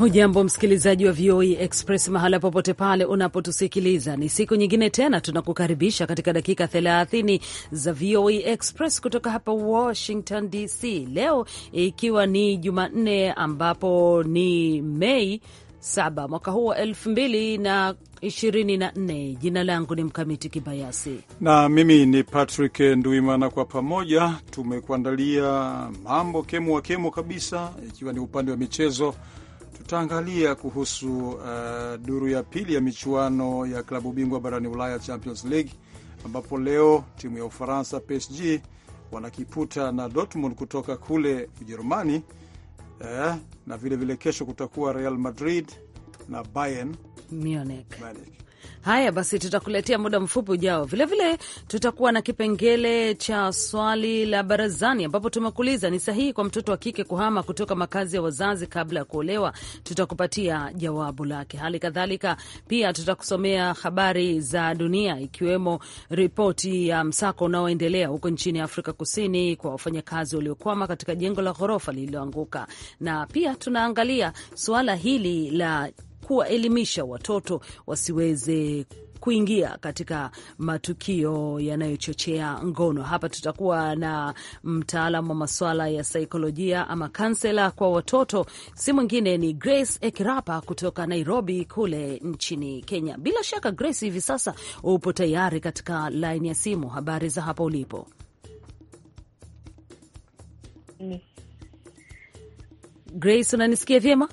Hujambo msikilizaji wa VOA e Express mahala popote pale unapotusikiliza, ni siku nyingine tena tunakukaribisha katika dakika 30 za VOA e Express kutoka hapa Washington DC, leo ikiwa ni Jumanne ambapo ni Mei saba mwaka huu wa elfu mbili na ishirini na nne. Jina langu ni Mkamiti Kibayasi na mimi ni Patrick Nduimana. Kwa pamoja tumekuandalia mambo kemu wa kemu kabisa, ikiwa ni upande wa michezo Tutaangalia kuhusu uh, duru ya pili ya michuano ya klabu bingwa barani Ulaya, Champions League, ambapo leo timu ya Ufaransa PSG wanakiputa na Dortmund kutoka kule Ujerumani eh, na vilevile kesho kutakuwa Real Madrid na Bayern Munich. Haya basi, tutakuletea muda mfupi ujao. Vilevile tutakuwa na kipengele cha swali la barazani, ambapo tumekuuliza ni sahihi kwa mtoto wa kike kuhama kutoka makazi ya wazazi kabla ya kuolewa. Tutakupatia jawabu lake. Hali kadhalika pia tutakusomea habari za dunia, ikiwemo ripoti ya msako unaoendelea huko nchini Afrika Kusini kwa wafanyakazi waliokwama katika jengo la ghorofa lililoanguka, na pia tunaangalia suala hili la kuwaelimisha watoto wasiweze kuingia katika matukio yanayochochea ngono. Hapa tutakuwa na mtaalam wa maswala ya saikolojia ama kansela kwa watoto, si mwingine ni Grace Ekirapa kutoka Nairobi kule nchini Kenya. Bila shaka Grace, hivi sasa upo tayari katika laini ya simu. Habari za hapa ulipo? Mm. Grace, unanisikia vyema?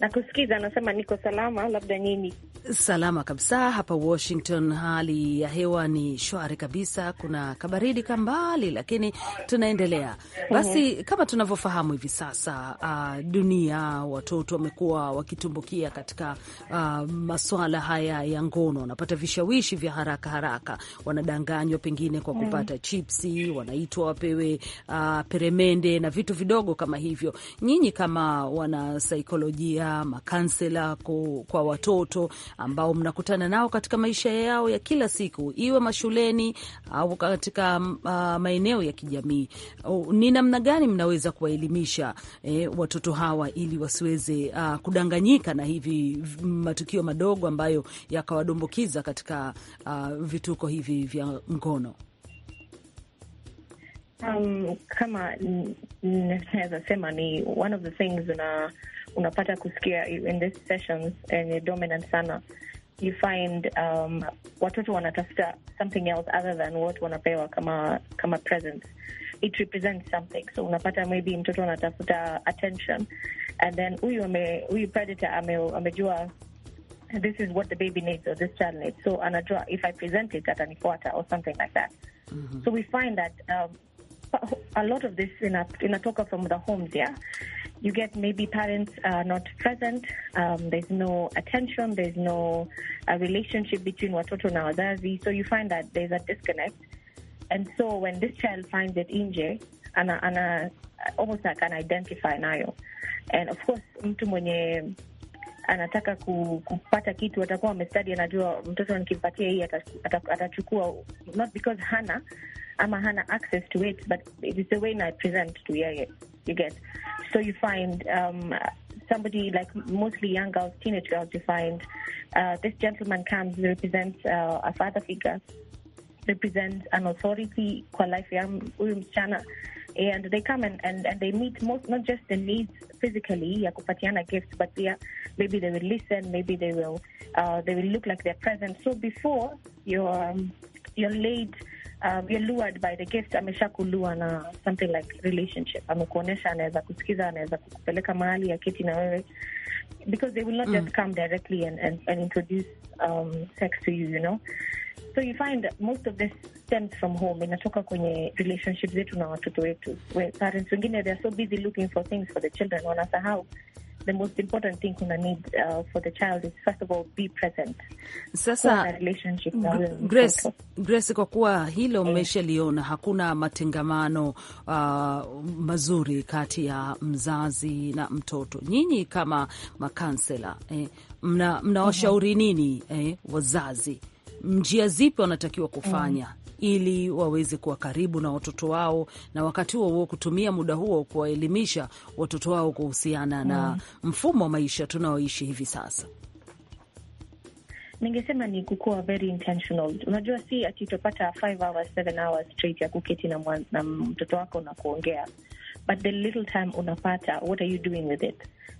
Nakusikiza, anasema niko salama, labda nini Salama kabisa hapa Washington, hali ya hewa ni shwari kabisa. Kuna kabaridi kambali, lakini tunaendelea mhm. basi. Kama tunavyofahamu hivi sasa, uh, dunia watoto wamekuwa wakitumbukia katika uh, maswala haya ya ngono, wanapata vishawishi vya haraka haraka, wanadanganywa pengine kwa mhm. kupata chipsi, wanaitwa wapewe uh, peremende na vitu vidogo kama hivyo. Nyinyi kama wanasaikolojia, makansela kwa watoto ambao mnakutana nao katika maisha yao ya kila siku, iwe mashuleni au katika uh, maeneo ya kijamii. Uh, ni namna gani mnaweza kuwaelimisha eh, watoto hawa ili wasiweze uh, kudanganyika na hivi matukio madogo ambayo yakawadombukiza katika uh, vituko hivi vya ngono? Um, kama naweza sema ni one of the things na unapata kusikia in this sessions yenye eh, dominant sana you find um, watoto wanatafuta something else other than what wanapewa kama kama presents it represents something so unapata maybe mtoto anatafuta attention and then huyu huyu predator ame, amejua this is what the baby needs or this child needs so anajua if i present it atanifuata or something like that mm -hmm. so we find that um, a lot of this inatoka from the homes yeah you get maybe parents are not present, um, there's no attention, there's no uh, relationship between watoto na wazazi. So you find that there's a disconnect. And so when this child finds it inje, ana, ana, almost like an identify nayo. And of course, mtu mwenye anataka kupata kitu atakuwa amestadi, anajua mtoto nikimpatia hii atachukua, not because hana ama hana access to it, but it is the way I present to yeye, you get so you find um, somebody like mostly young girls, teenage girls, you find uh, this gentleman comes, represents uh, a father figure, represents an authority kwa life ya and they come and, and, and they meet most, not just the needs physically ya gifts but they are, maybe they will listen maybe they will uh, they will look like they're present so before you're um, you're late um, you're lured by the guest, ameshakulua na something like relationship, amekuonyesha, anaweza kusikiza, anaweza kukupeleka mahali ya keti na wewe because they will not mm. just come directly and, and, and introduce um, sex to you, you know so you find that most of this stems from home, inatoka kwenye relationship zetu na watoto wetu. Parents wengine they are so busy looking for things for the children, wanasahau the most important thing kuna need uh, for the child is first of all be present. Sasa relationship Grace, Grace, kwa kuwa hilo mmeshaliona, hakuna matengamano uh, mazuri kati ya mzazi na mtoto, nyinyi kama makansela eh, mna, mnawashauri mhm. nini eh, wazazi njia zipi wanatakiwa kufanya mm ili waweze kuwa karibu na watoto wao, na wakati huo huo kutumia muda huo kuwaelimisha watoto wao kuhusiana na mm. mfumo wa maisha tunaoishi hivi sasa. Ningesema ni kukuwa very intentional. Unajua, si ati utapata hours, hours straight ya kuketi na, na mtoto wako na kuongea, but the little time unapata, what are you doing with it?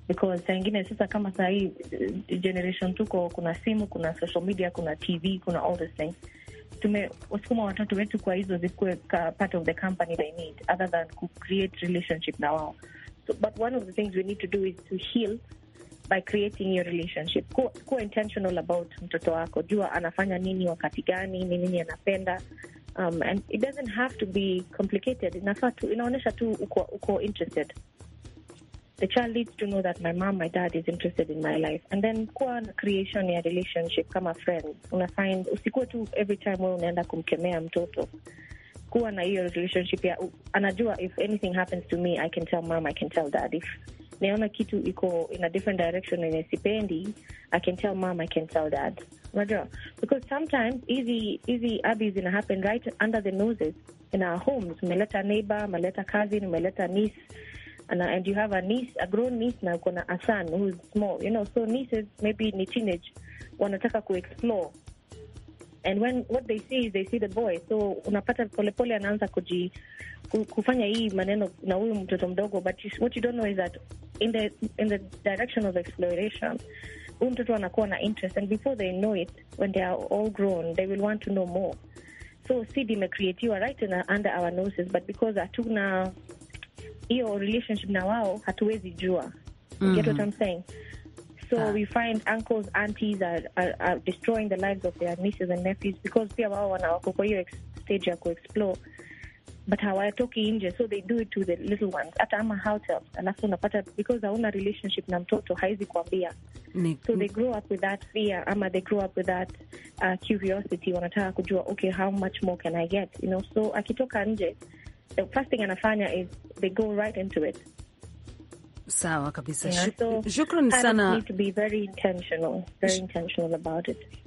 Because saa ingine sasa, kama saa hii eh, generation tuko, kuna simu, kuna social media, kuna TV, kuna all these things tumewasukuma watoto wetu kwa hizo zikuwe part of the company they need other than ku create relationship na wao so, but one of the things we need to do is to heal by creating your relationship. Kuwa intentional about mtoto wako, jua anafanya nini, wakati gani, ni nini anapenda. Um, and it doesn't have to be complicated. Inafaa tu, inaonyesha tu uko, uko interested the child needs to know that my mom, my dad is interested in my life, and then kuwa na creation ya relationship kama friends. Una find tu every time wewe unaenda kumkemea mtoto kuwa na hiyo relationship ya anajua, if anything happens to me I can tell mom, I can tell dad. If naona kitu iko in a different direction yenye sipendi, I can tell mom, I can tell dad. Unajua, because sometimes hizi hizi abuse zina happen right under the noses in our homes. Umeleta neighbor, umeleta cousin, umeleta niece and, and you have a niece, a grown niece na uko na a son who is small, you know, so nieces maybe ni teenage wanataka kuexplore and when what they see is they see the boy, so unapata polepole anaanza kuji kufanya hii maneno na huyu mtoto mdogo, but you, what you don't know is that in the in the direction of exploration huyu mtoto anakuwa na interest and before they know it when they are all grown they will want to know more. So seed imecreatiwa right in, under our noses but because hatuna hiyo relationship na wao hatuwezi jua. Mm -hmm. Get what mm-hmm. I'm saying? So ah. we find uncles, aunties are, are, are destroying the lives of their nieces and nephews because pia wao wanawako kwa hiyo stage ya kuexplore but hawatoki nje, so they do it to the little ones, hata ama hotel Alafu unapata because hauna relationship na mtoto, haizi kuambia, so they grow up with that fear ama they grow up with that uh, curiosity. Wanataka kujua okay, how much more can I get, you know, so akitoka nje the first thing anafanya is they go right into it Sawa kabisa yeah, so shukran sana,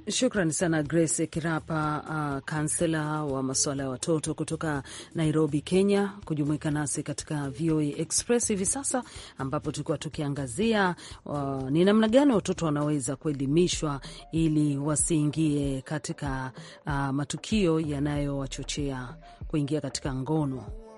shukran sana Grace Kirapa, uh, kansela wa masuala ya watoto kutoka Nairobi, Kenya, kujumuika nasi katika VOA Express hivi sasa, ambapo tulikuwa tukiangazia uh, ni namna gani watoto wanaweza kuelimishwa ili wasiingie katika uh, matukio yanayowachochea kuingia katika ngono.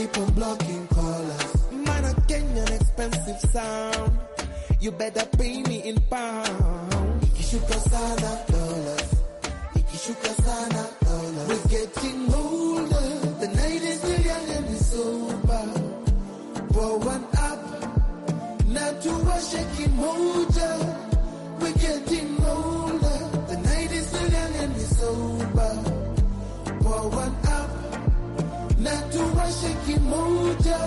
keep on blocking callers. Man, I a Kenyan expensive sound. You better pay me in pounds. Ikishuka sana dollars. Ikishuka sana dollars. We're getting older. The night is still young and it's over. Pour one up. Now to a shaking moja. We're getting older. The night is still young and it's over. Pour one up. na tuwashe kimoja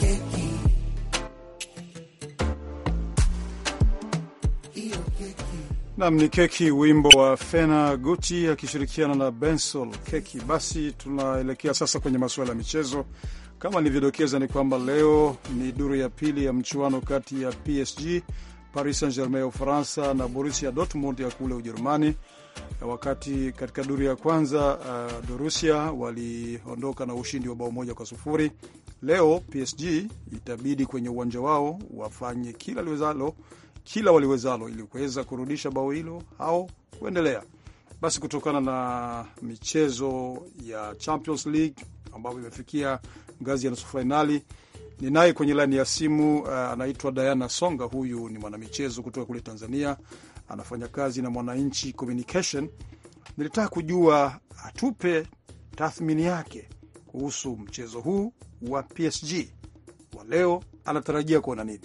keki. Nam ni keki, wimbo wa Fena Guti akishirikiana na Bensol keki. Basi tunaelekea sasa kwenye masuala ya michezo. Kama nilivyodokeza, ni kwamba leo ni duru ya pili ya mchuano kati ya PSG Paris Saint-Germain ya Ufaransa na borusia Dortmund ya kule Ujerumani. Wakati katika duru ya kwanza uh, Dorusia waliondoka na ushindi wa bao moja kwa sufuri. Leo PSG itabidi kwenye uwanja wao wafanye kila liwezalo, kila waliwezalo ili kuweza kurudisha bao hilo au kuendelea. Basi kutokana na michezo ya Champions League ambayo imefikia ngazi ya nusu fainali ni naye kwenye laini ya simu uh, anaitwa Diana Songa. Huyu ni mwanamichezo kutoka kule Tanzania, anafanya kazi na Mwananchi Communication. Nilitaka kujua atupe tathmini yake kuhusu mchezo huu wa PSG wa leo, anatarajia kuona nini?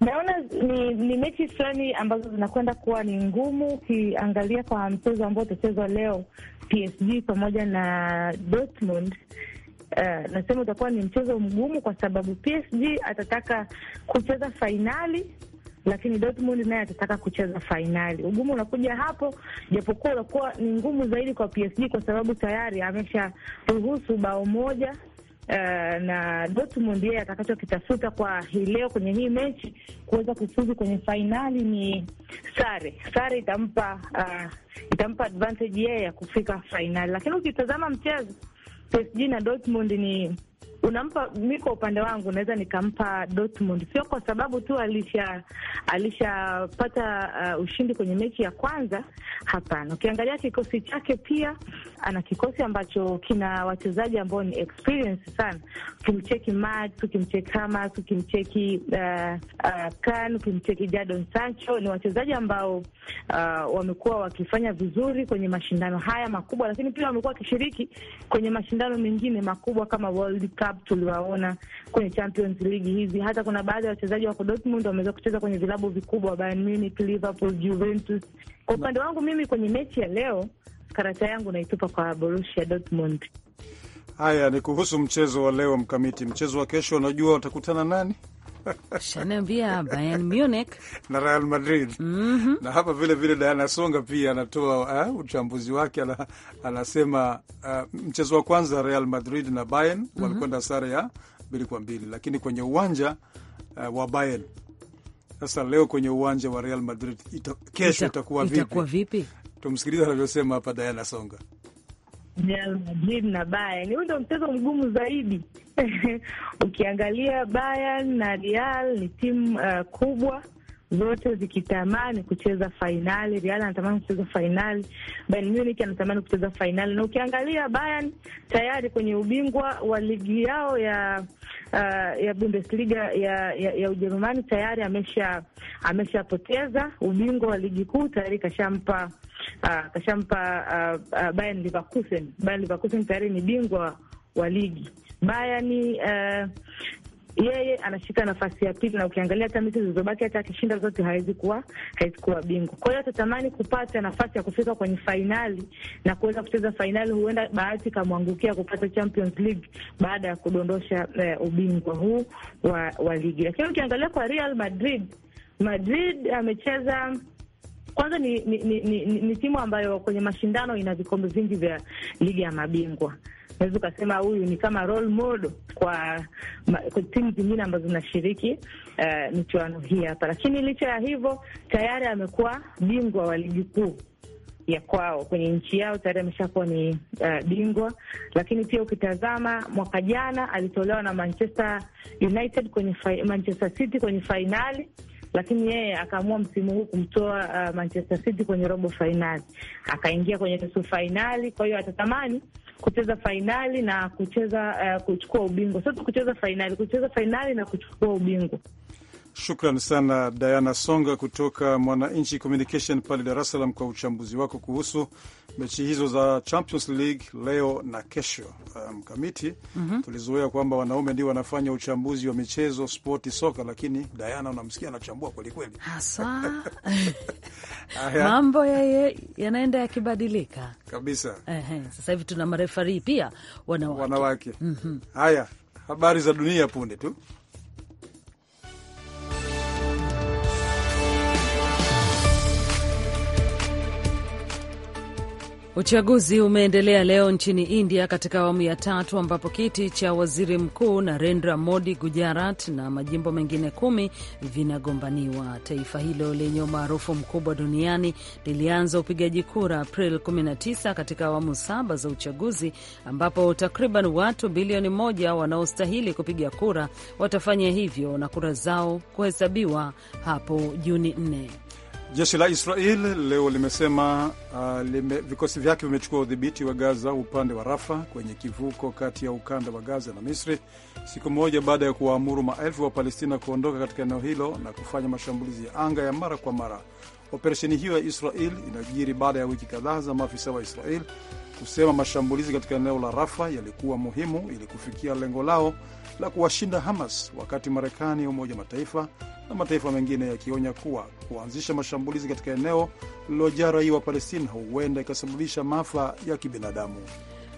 Naona ni, ni mechi fulani ambazo zinakwenda kuwa ni ngumu. Ukiangalia kwa mchezo ambao utachezwa leo PSG pamoja na Dortmund uh, nasema utakuwa ni mchezo mgumu, kwa sababu PSG atataka kucheza fainali lakini Dortmund naye atataka kucheza fainali. Ugumu unakuja hapo, japokuwa unakuwa ni ngumu zaidi kwa PSG kwa sababu tayari amesharuhusu bao moja. Uh, na Dortmund yeye atakachokitafuta kwa hii leo kwenye hii mechi kuweza kufuzu kwenye fainali ni sare. Sare itampa uh, itampa advantage yeye ya kufika fainali, lakini ukitazama mchezo PSG na Dortmund ni unampa. Mi kwa upande wangu naweza nikampa Dortmund, sio kwa sababu tu alisha alishapata uh, ushindi kwenye mechi ya kwanza. Hapana, ukiangalia kikosi chake pia ana kikosi ambacho kina wachezaji ambao ni experience sana. Ukimcheki Matt, ukimcheki Hamas, ukimcheki uh, uh, Kan, ukimcheki Jadon Sancho, ni wachezaji ambao uh, wamekuwa wakifanya vizuri kwenye mashindano haya makubwa, lakini pia wamekuwa wakishiriki kwenye mashindano mengine makubwa kama World Cup club tuliwaona kwenye Champions League hizi. Hata kuna baadhi ya wachezaji wako Dortmund wameweza kucheza kwenye vilabu vikubwa, Bayern Munich, Liverpool, Juventus. Kwa upande wangu mimi, kwenye mechi ya leo, karata yangu naitupa kwa Borussia Dortmund. Haya ni kuhusu mchezo wa leo, Mkamiti. Mchezo wa kesho, unajua watakutana nani? shanaambia Bayern Munich na Real Madrid mm -hmm. na hapa vilevile Diana Songa pia anatoa uh, uchambuzi wake anasema uh, mchezo wa kwanza Real Madrid na Bayern mm -hmm. walikwenda sare ya mbili kwa mbili lakini kwenye uwanja uh, wa Bayern sasa leo kwenye uwanja wa Real Madrid ita, kesho itakuwa vipi? Tumsikiliza anavyosema hapa Diana Songa. Real Madrid na Bayern. Huu ndio mchezo mgumu zaidi ukiangalia Bayern na Real ni timu uh, kubwa zote zikitamani kucheza fainali. Real anatamani kucheza fainali, Bayern Munich anatamani kucheza fainali, na ukiangalia Bayern tayari kwenye ubingwa wa ligi yao ya uh, ya Bundesliga ya, ya, ya Ujerumani tayari amesha ameshapoteza ubingwa wa ligi kuu tayari kashampa akashampa ah, uh, ah, uh, ah, Bayern Leverkusen. Bayern Leverkusen tayari ni bingwa wa ligi. Bayern uh, yeye anashika nafasi ya pili, na ukiangalia hata mechi zilizobaki, hata akishinda zote hawezi kuwa hawezi kuwa bingwa. Kwa hiyo atatamani kupata nafasi ya kufika kwenye fainali na kuweza kucheza fainali, huenda bahati kamwangukia kupata Champions League baada ya kudondosha uh, ubingwa huu wa, wa ligi. Lakini ukiangalia kwa Real Madrid, Madrid amecheza uh, kwanza ni, ni, ni, ni, ni timu ambayo kwenye mashindano ina vikombe vingi vya ligi ya mabingwa. Naweza ukasema huyu ni kama role model kwa, kwa timu zingine ambazo zinashiriki uh, michuano hii hapa, lakini licha ya hivyo tayari amekuwa bingwa wa ligi kuu ya kwao kwenye nchi yao tayari ameshakuwa ni uh, bingwa. Lakini pia ukitazama mwaka jana alitolewa na Manchester United kwenye Manchester City kwenye fainali lakini yeye akaamua msimu huu kumtoa uh, Manchester City kwenye robo fainali, akaingia kwenye nusu fainali. Kwa hiyo atatamani kucheza fainali na kucheza uh, kuchukua ubingwa, sio tu kucheza fainali, kucheza fainali na kuchukua ubingwa. Shukran sana Diana Songa kutoka Mwananchi Communication pale Dar es Salaam kwa uchambuzi wako kuhusu mechi hizo za Champions League leo na kesho. Uh, mkamiti, um, mm -hmm. tulizoea kwamba wanaume ndio wanafanya uchambuzi wa michezo, spoti, soka, lakini Diana unamsikia anachambua kwelikweli hasa mambo yanaenda yakibadilika kabisa. Sasa hivi tuna marefari pia wanawake, wanawake. Mm -hmm. Haya, habari za dunia punde tu. Uchaguzi umeendelea leo nchini India katika awamu ya tatu ambapo kiti cha waziri mkuu Narendra Modi Gujarat na majimbo mengine kumi vinagombaniwa. Taifa hilo lenye umaarufu mkubwa duniani lilianza upigaji kura April 19 katika awamu saba za uchaguzi ambapo takriban watu bilioni moja wanaostahili kupiga kura watafanya hivyo na kura zao kuhesabiwa hapo Juni 4. Jeshi la Israel leo limesema uh, lime, vikosi vyake vimechukua udhibiti wa Gaza upande wa Rafa kwenye kivuko kati ya ukanda wa Gaza na Misri, siku moja baada ya kuwaamuru maelfu wa Palestina kuondoka katika eneo hilo na kufanya mashambulizi ya anga ya mara kwa mara. Operesheni hiyo ya Israel inajiri baada ya wiki kadhaa za maafisa wa Israel kusema mashambulizi katika eneo la Rafa yalikuwa muhimu ili kufikia lengo lao la kuwashinda Hamas, wakati Marekani, Umoja wa Mataifa na mataifa mengine yakionya kuwa kuanzisha mashambulizi katika eneo lililojaa raia wa Palestina huenda ikasababisha maafa ya kibinadamu.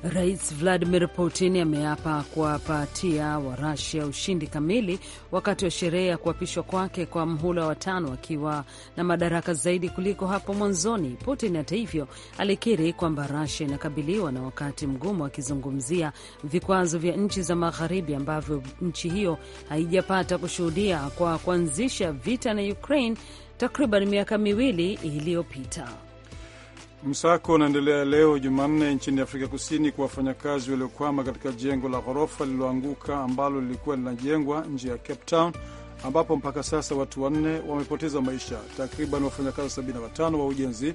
Rais Vladimir Putin ameapa kuwapatia wa rasia ushindi kamili wakati wa sherehe ya kuapishwa kwake kwa mhula wa tano akiwa na madaraka zaidi kuliko hapo mwanzoni. Putin hata hivyo alikiri kwamba Rusia inakabiliwa na wakati mgumu, akizungumzia vikwazo vya nchi za Magharibi ambavyo nchi hiyo haijapata kushuhudia kwa kuanzisha vita na Ukraine takriban miaka miwili iliyopita. Msako unaendelea leo Jumanne nchini Afrika Kusini kwa wafanyakazi waliokwama katika jengo la ghorofa lililoanguka ambalo lilikuwa linajengwa nje ya Cape Town ambapo mpaka sasa watu wanne wamepoteza maisha. Takriban wafanyakazi 75 wa ujenzi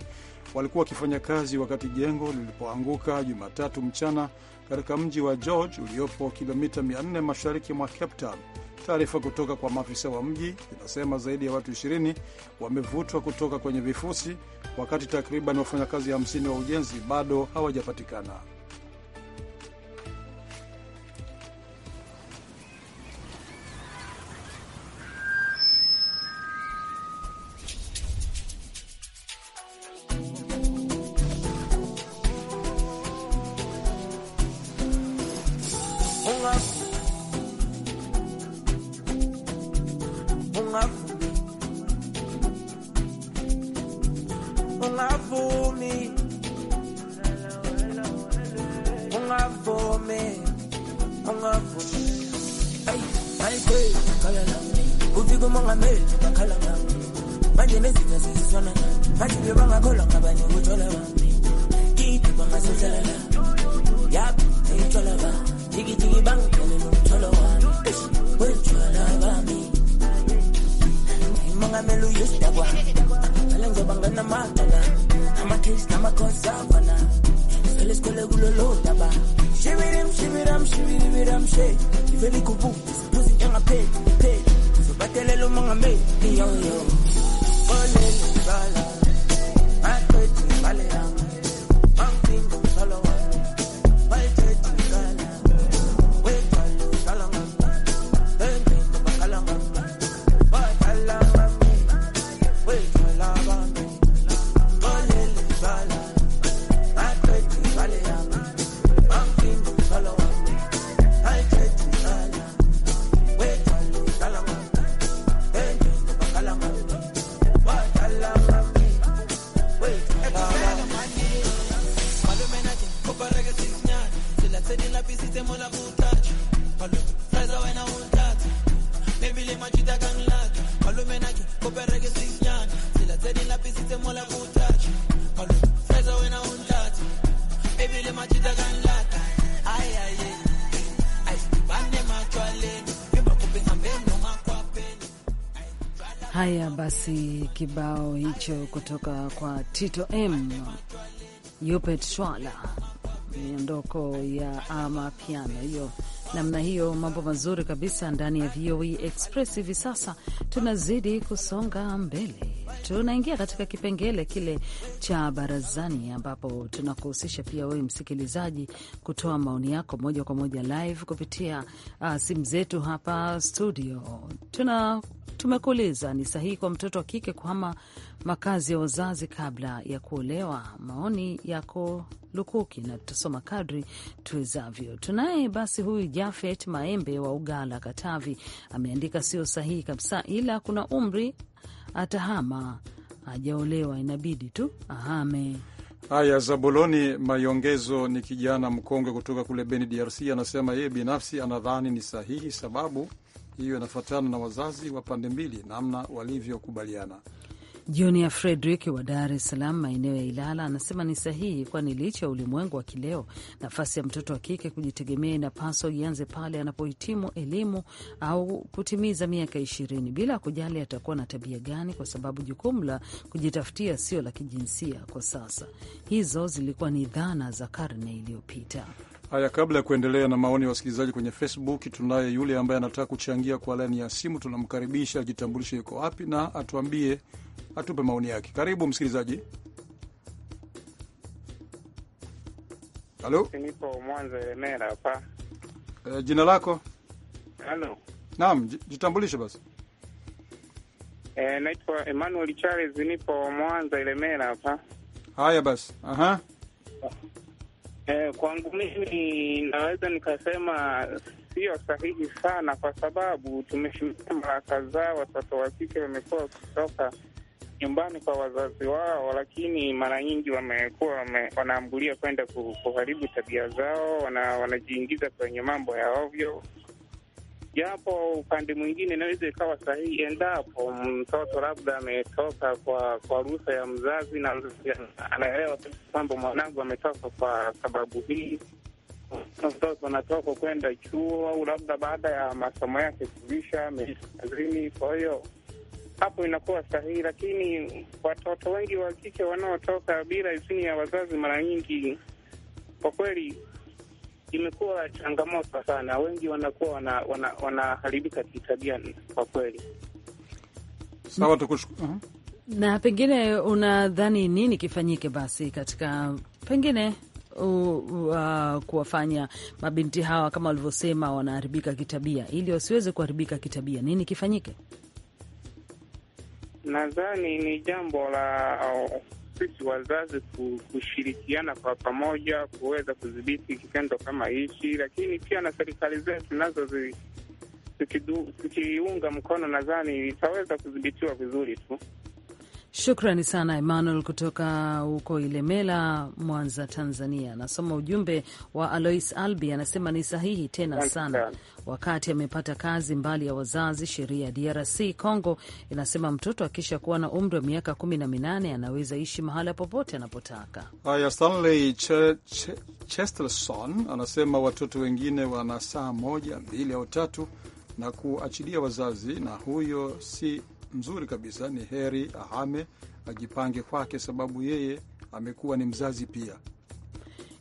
walikuwa wakifanya kazi wakati jengo lilipoanguka Jumatatu mchana katika mji wa George uliopo kilomita 400 mashariki mwa Cape Town. Taarifa kutoka kwa maafisa wa mji inasema zaidi ya watu 20 wamevutwa kutoka kwenye vifusi, wakati takriban wafanyakazi 50 wa ujenzi bado hawajapatikana. manje nezinto sizifana bathi bebangakholwa ngabanye ukuthola bami kithi bangasithala la yakho ayithola ba jikijiki bangiqele ngale daba shibirim shibiram shibiribiram she ivele running kibao hicho kutoka kwa Tito M Yupet Shwala, miondoko ya ama piano hiyo namna hiyo. Mambo mazuri kabisa ndani ya VOA e Express. Hivi sasa tunazidi kusonga mbele tunaingia katika kipengele kile cha barazani, ambapo tunakuhusisha pia wewe msikilizaji kutoa maoni yako moja kwa moja live kupitia uh, simu zetu hapa studio. Tuna tumekuuliza ni sahihi kwa mtoto wa kike kuhama makazi ya wazazi kabla ya kuolewa? Maoni yako lukuki na tutasoma kadri tuwezavyo. Tunaye basi huyu Jafet Maembe wa Ugala, Katavi, ameandika sio sahihi kabisa, ila kuna umri atahama, ajaolewa inabidi tu ahame. Haya, Zabuloni Mayongezo ni kijana mkongwe kutoka kule Beni, DRC. Anasema yeye binafsi anadhani ni sahihi, sababu hiyo inafuatana na wazazi wa pande mbili, namna walivyokubaliana. Junior Frederick wa Dar es Salaam, maeneo ya Ilala, anasema ni sahihi, kwani licha ya ulimwengu wa kileo, nafasi ya mtoto wa kike kujitegemea inapaswa ianze pale anapohitimu elimu au kutimiza miaka ishirini, bila kujali atakuwa na tabia gani, kwa sababu jukumu la kujitafutia sio la kijinsia kwa sasa. Hizo zilikuwa ni dhana za karne iliyopita. Haya, kabla ya kuendelea na maoni ya wasikilizaji kwenye Facebook, tunaye yule ambaye anataka kuchangia kwa laini ya simu. Tunamkaribisha ajitambulishe, yuko wapi na atuambie, atupe maoni yake. Karibu msikilizaji. Halo, nipo Mwanza Mera hapa. E, jina lako? Halo, naam, jitambulishe basi. E, naitwa Emmanuel Charles, nipo Mwanza Mera hapa. Haya basi, aha ah. Eh, kwangu mimi naweza nikasema sio sahihi sana, kwa sababu tumeshuhudia mara kadhaa watoto wa kike wamekuwa wakitoka nyumbani kwa wazazi wao, lakini mara nyingi wamekuwa wanaambulia kwenda kuharibu tabia zao, wanajiingiza kwenye mambo ya ovyo japo upande mwingine inaweza ikawa sahihi endapo mtoto labda ametoka kwa kwa ruhusa ya mzazi na anaelewa kwamba mwanangu ametoka kwa sababu hii, mtoto anatoka kwenda chuo au labda baada ya masomo yake kuvisha kazini. Kwa hiyo hapo inakuwa sahihi, lakini watoto wengi wa kike wanaotoka bila idhini ya wazazi mara nyingi kwa kweli imekuwa changamoto sana, wengi wanakuwa wanaharibika wana, wana kitabia kwa kweli. Sawa, tukushukuru uh -huh. Na pengine unadhani nini kifanyike basi katika pengine Uh, uh, kuwafanya mabinti hawa kama walivyosema wanaharibika kitabia, ili wasiweze kuharibika kitabia, nini kifanyike? Nadhani ni jambo la sisi wazazi kushirikiana kwa pamoja kuweza kudhibiti kitendo kama hichi, lakini pia na serikali zetu nazo tukiiunga mkono, nadhani itaweza kudhibitiwa vizuri tu. Shukrani sana Emmanuel kutoka huko Ilemela, Mwanza, Tanzania. Anasoma ujumbe wa Alois Albi, anasema ni sahihi tena sana. Wakati amepata kazi mbali ya wazazi, sheria ya DRC Congo inasema mtoto akisha kuwa na umri wa miaka kumi na minane anaweza ishi mahala popote anapotaka. Haya, Stanley Ch Ch Chestelson anasema watoto wengine wana saa moja, mbili au tatu na kuachilia wazazi, na huyo si mzuri kabisa, ni heri ahame ajipange kwake, sababu yeye amekuwa ni mzazi pia.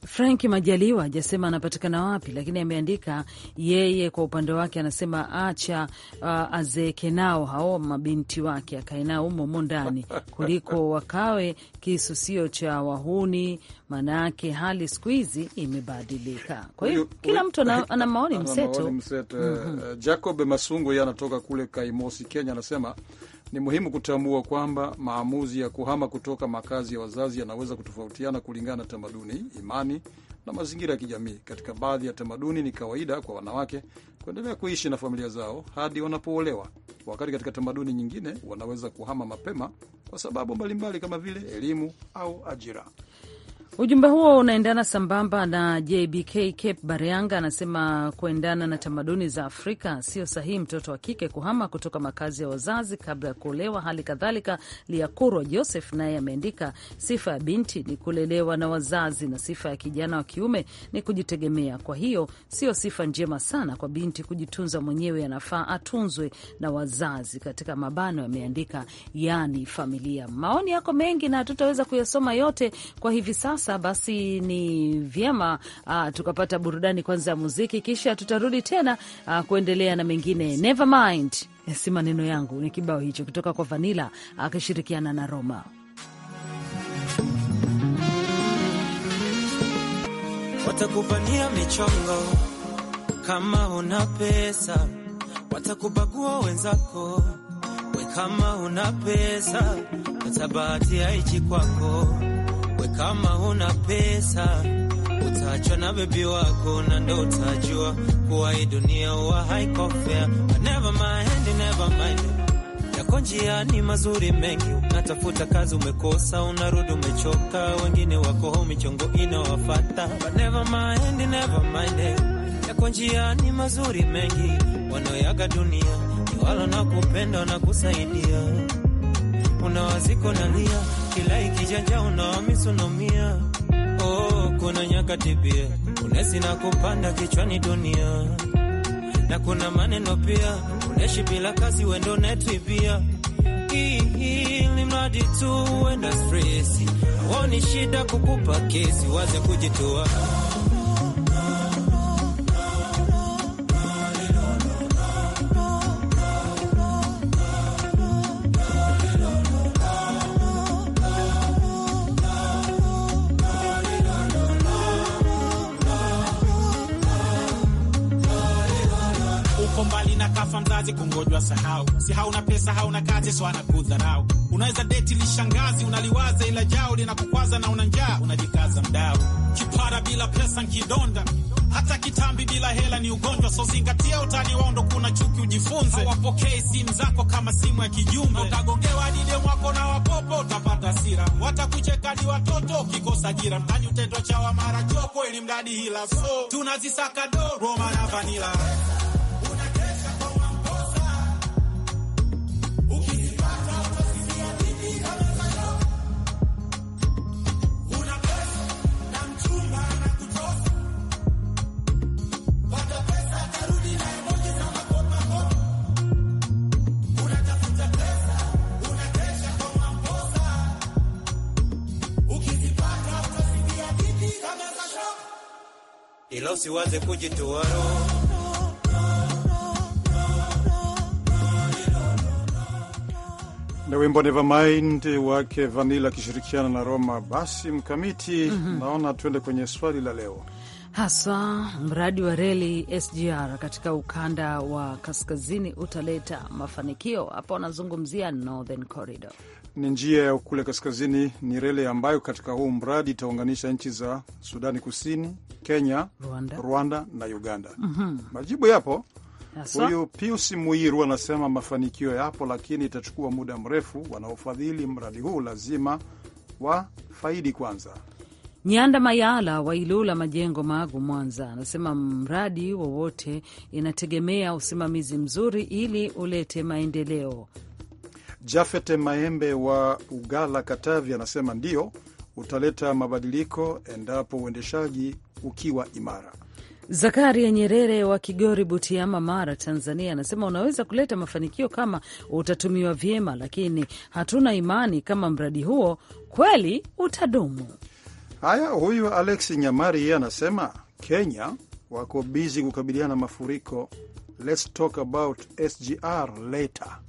Frank Majaliwa ajasema anapatikana wapi, lakini ameandika yeye kwa upande wake anasema acha uh, azeeke nao hao mabinti wake akae nao umo ndani kuliko wakawe kisusio cha wahuni, maanayake hali siku hizi imebadilika. Kwa hiyo kila mtu ana, ana maoni mseto, mseto. Mm -hmm. Jacob Masungu yeye anatoka kule Kaimosi, Kenya, anasema ni muhimu kutambua kwamba maamuzi ya kuhama kutoka makazi ya wazazi yanaweza kutofautiana kulingana na tamaduni, imani na mazingira ya kijamii. Katika baadhi ya tamaduni, ni kawaida kwa wanawake kuendelea kuishi na familia zao hadi wanapoolewa, wakati katika tamaduni nyingine wanaweza kuhama mapema kwa sababu mbalimbali mbali kama vile elimu au ajira. Ujumbe huo unaendana sambamba na JBK Cape Baryanga anasema kuendana na tamaduni za Afrika sio sahihi mtoto wa kike kuhama kutoka makazi ya wazazi kabla ya kuolewa. Hali kadhalika Liakurwa Joseph naye ameandika, sifa ya binti ni kulelewa na wazazi na sifa ya kijana wa kiume ni kujitegemea. Kwa hiyo sio sifa njema sana kwa binti kujitunza mwenyewe, anafaa atunzwe na wazazi, katika mabano yameandika yani familia. Maoni yako mengi na tutaweza kuyasoma yote kwa hivi sasa sasa, basi ni vyema uh, tukapata burudani kwanza ya muziki, kisha tutarudi tena uh, kuendelea na mengine. Never mind, si maneno yangu, ni kibao hicho kutoka kwa Vanila akishirikiana uh, na Roma. watakuvania michongo kama una pesa, watakubagua wenzako we kama una pesa, hata bahati haichi kwako kama huna pesa utachwa na bebi wako, na ndo utajua kuwa hii dunia wa haiko fair. Never mind, never mind yako ni mazuri mengi, unatafuta kazi umekosa, unarudi umechoka, wengine wako home chongo inawafata. But never mind, never mind, yako njiani mazuri mengi, wanaoyaga dunia ni kupenda na kusaidia yako nalia, kila ikijanja unawamisi unaumia. Oh, kuna nyakati pia unesi na kupanda kichwani dunia, na kuna maneno pia uneshi bila kazi, wendo unetwibia ili mradi tu wenda stresi, aoni shida kukupa kesi, waze kujitoa wasahau, si hauna pesa hauna kazi, so anakudharau. Unaweza deti lishangazi, unaliwaza ila jao linakukwaza na una njaa, unajikaza mdao. Kipara bila pesa nkidonda, hata kitambi bila hela ni ugonjwa, so zingatia utani wao, ndo kuna chuki, ujifunze. Hawapokei simu zako kama simu ya kijumbe, utagongewa dide mwako na wapopo, utapata sira watakucheka ni watoto, ukikosa ajira mtani utendo chawa mara choko, ili mradi hila, so tunazisaka do Roma na vanila usiwaze kujitoa roho na wimbo Nevermind wake Vanila akishirikiana na Roma. Basi mkamiti, mm -hmm. Naona tuende kwenye swali la leo. Haswa mradi wa reli SGR katika ukanda wa kaskazini utaleta mafanikio. Hapa wanazungumzia Northern Corridor, ni njia ya kule kaskazini, ni reli ambayo katika huu mradi itaunganisha nchi za Sudani Kusini, Kenya, Rwanda, Rwanda na Uganda. mm -hmm. Majibu yapo. Huyu Pius Muiru anasema mafanikio yapo, lakini itachukua muda mrefu. Wanaofadhili mradi huu lazima wafaidi kwanza. Nyanda Mayala wa Ilula Majengo Magu, Mwanza, anasema mradi wowote inategemea usimamizi mzuri ili ulete maendeleo. Jafete Maembe wa Ugala, Katavi, anasema ndio utaleta mabadiliko endapo uendeshaji ukiwa imara. Zakaria Nyerere wa Kigori, Butiama, Mara, Tanzania, anasema unaweza kuleta mafanikio kama utatumiwa vyema, lakini hatuna imani kama mradi huo kweli utadumu. Haya, huyu alex Nyamari yeye anasema Kenya wako bizi kukabiliana na mafuriko. Let's talk about SGR later.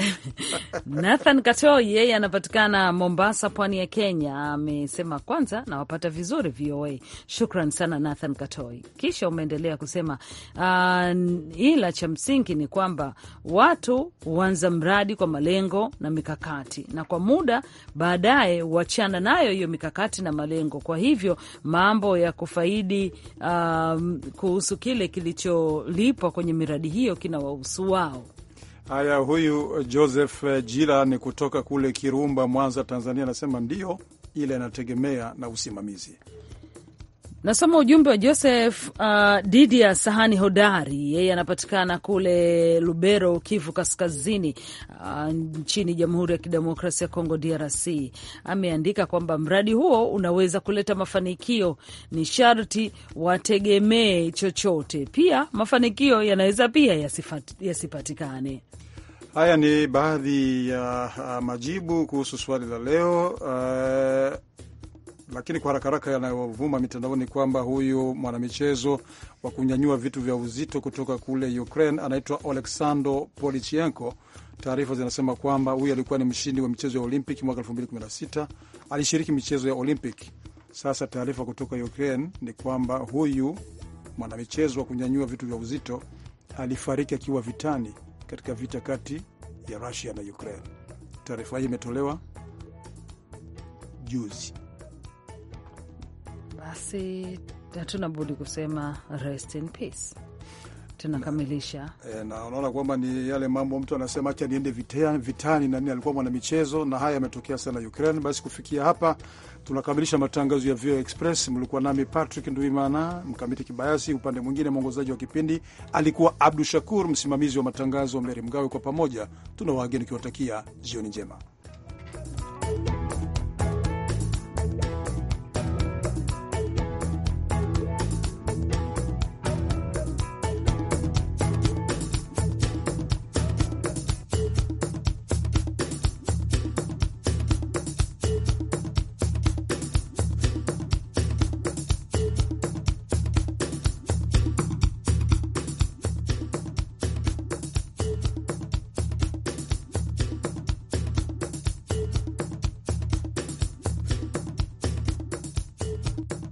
Nathan Katoi yeye anapatikana Mombasa, pwani ya Kenya, amesema kwanza nawapata vizuri VOA. Shukran sana Nathan Katoi. Kisha umeendelea kusema uh, ila cha msingi ni kwamba watu huanza mradi kwa malengo na mikakati, na kwa muda baadaye huachana nayo hiyo mikakati na malengo. Kwa hivyo mambo ya kufaidi uh, kuhusu kile kilicholipwa kwenye miradi hiyo kinawahusu wao. Haya, huyu Joseph Jila ni kutoka kule Kirumba, Mwanza, Tanzania, anasema ndiyo, ile inategemea na usimamizi. Nasoma ujumbe wa Joseph uh, Didia Sahani Hodari, yeye anapatikana kule Lubero, Kivu Kaskazini, uh, nchini Jamhuri ya Kidemokrasia ya Kongo, DRC. Ameandika kwamba mradi huo unaweza kuleta mafanikio, ni sharti wategemee chochote. Pia mafanikio yanaweza pia yasipatikane. Haya ni baadhi ya uh, majibu kuhusu swali la leo uh, lakini kwa haraka haraka yanayovuma mitandaoni kwamba huyu mwanamichezo wa kunyanyua vitu vya uzito kutoka kule Ukraine anaitwa Oleksandr Polichenko. Taarifa zinasema kwamba huyu alikuwa ni mshindi wa michezo ya Olympic mwaka 2016 alishiriki michezo ya Olympic. Sasa taarifa kutoka Ukraine ni kwamba huyu mwanamichezo wa kunyanyua vitu vya uzito alifariki akiwa vitani katika vita kati ya Rusia na Ukraine. Taarifa hii imetolewa juzi basi hatuna budi kusema rest in peace. Tunakamilisha e, na unaona kwamba ni yale mambo mtu anasema acha niende vitani, vitani na nini, alikuwa mwanamichezo na haya yametokea sana Ukraine. Basi kufikia hapa tunakamilisha matangazo ya VOA Express. Mlikuwa nami Patrick Nduimana, Mkamiti Kibayasi upande mwingine, mwongozaji wa kipindi alikuwa Abdu Shakur, msimamizi wa matangazo Meri Mgawe. Kwa pamoja tuna wageni ukiwatakia jioni njema.